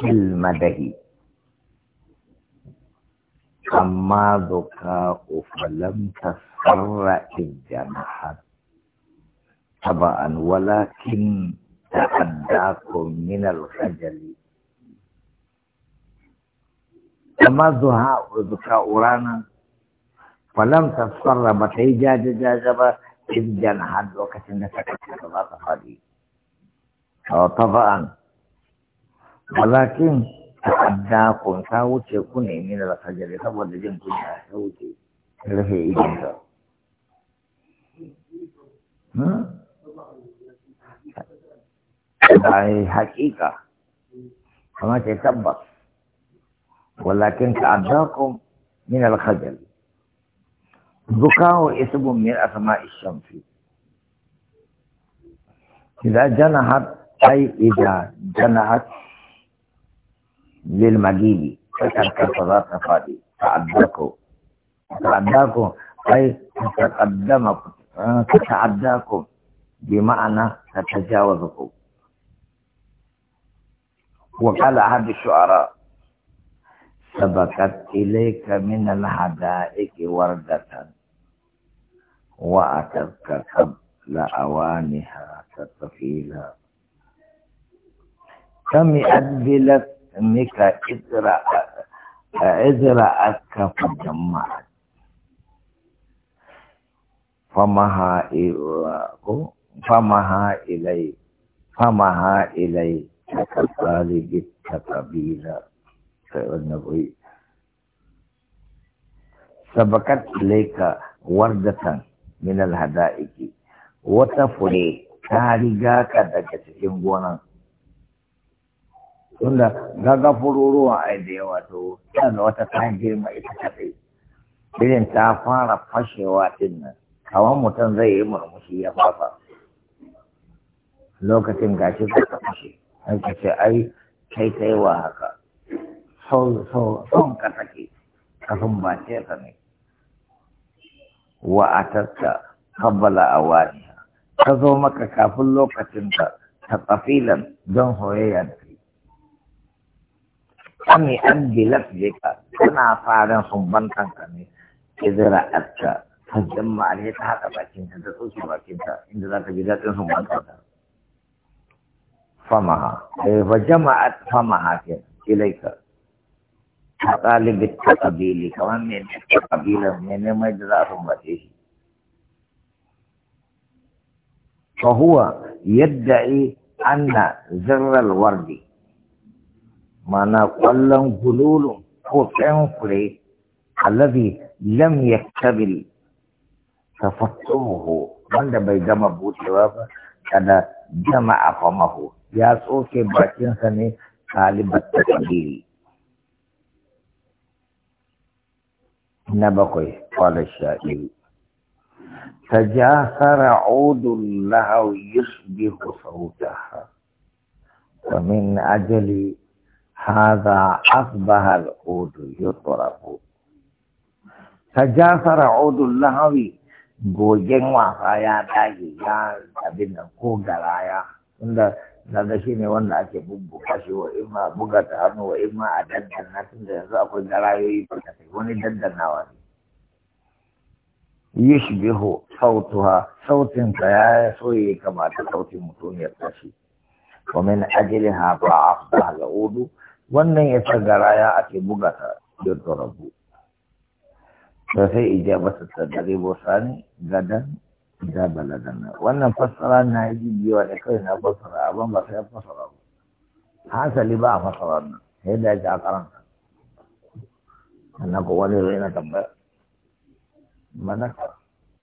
كلمة دهي أما ذكاء فلم تسر إذ جنحت طبعا ولكن تأداكم من الخجل أما ذهاء ذكاء رانا فلم تسر بتيجاج جاجبة إذ جنحت وكتنة أو طبعا walakin ta'adda kun ta wuce ku ne min al-fajr saboda jin kunya ta wuce rufe idon hmm? ta ai haƙiƙa amma ce tabbas walakin ta'adda kun min al-fajr bukawo isbun min asma'i shamsi إذا جنحت أي إذا جنحت للمجيب فكرك فذات فادي تعداكو تعداكو أي تتقدمكم آه، تتعداكم بمعنى تتجاوزكم وقال أحد الشعراء سبقت إليك من الحدائق وردة وأتتك قبل أوانها تطفيلا كم أدلت nika izra izra aska fa jama'a famaha ko famaha ilai famaha ilai takasali takabila sai wannan bai sabakat ilaika wardatan min alhada'iki wata fure ta riga ka daga cikin gonan tunda gaga fururuwa a da yawa to da wata ta girma ita kadai irin ta fara fashewa din nan kawan mutum zai yi murmushi ya fafa lokacin gashi za ta fashe an ka ce ai kai kai wa haka son ka take ba ce ka ne wa a tatta kabbala a wani ka zo maka kafin lokacin ta ta tsafilan don hoyayya da kami ambilat jika suna farin sumbantan ka kami izira atka ta jama ne ta haka bakin ta ta tsoke bakin ta inda za ka ji daɗin sumbantan ta famaha eh fa jama'at famaha ke ilaika ta ɗalibin ta ƙabili kamar mai ta ƙabilar mai neman da za a sumbace shi فهو يدعي أن زر الورد معنى قلا جلول كفنفري الذي لم يكتمل تفطره من ده بيجمع بوتي وابا كده جمع فمه ياسو كي باكين سني خالب التكبيري قال الشائر تجاثر عود له يشبه صوتها ومن أجل هذا أصبح العود يطرب تجافر عود اللهو gogen wasa ya dage ya abin nan ko garaya Inda na da shi ne wanda ake bubbuka shi wa imma buga ta hannu wa imma a tun tunda yanzu akwai garayoyi barkatai wani daddanawa ne yushbihu sautuha sautin ta ya so ya kamata da sautin ya tashi ومن أجلها ضعف العود wannan ya sa ya ake buga ta rabu. to sai ijabata ta dare bosani gadan da baladan wannan fassara na yi biyawa da kawai na fassara abin ba sai fassara ba hasali ba a fassara nan sai da ya karanta annan ko wani zai na tambaya manaka.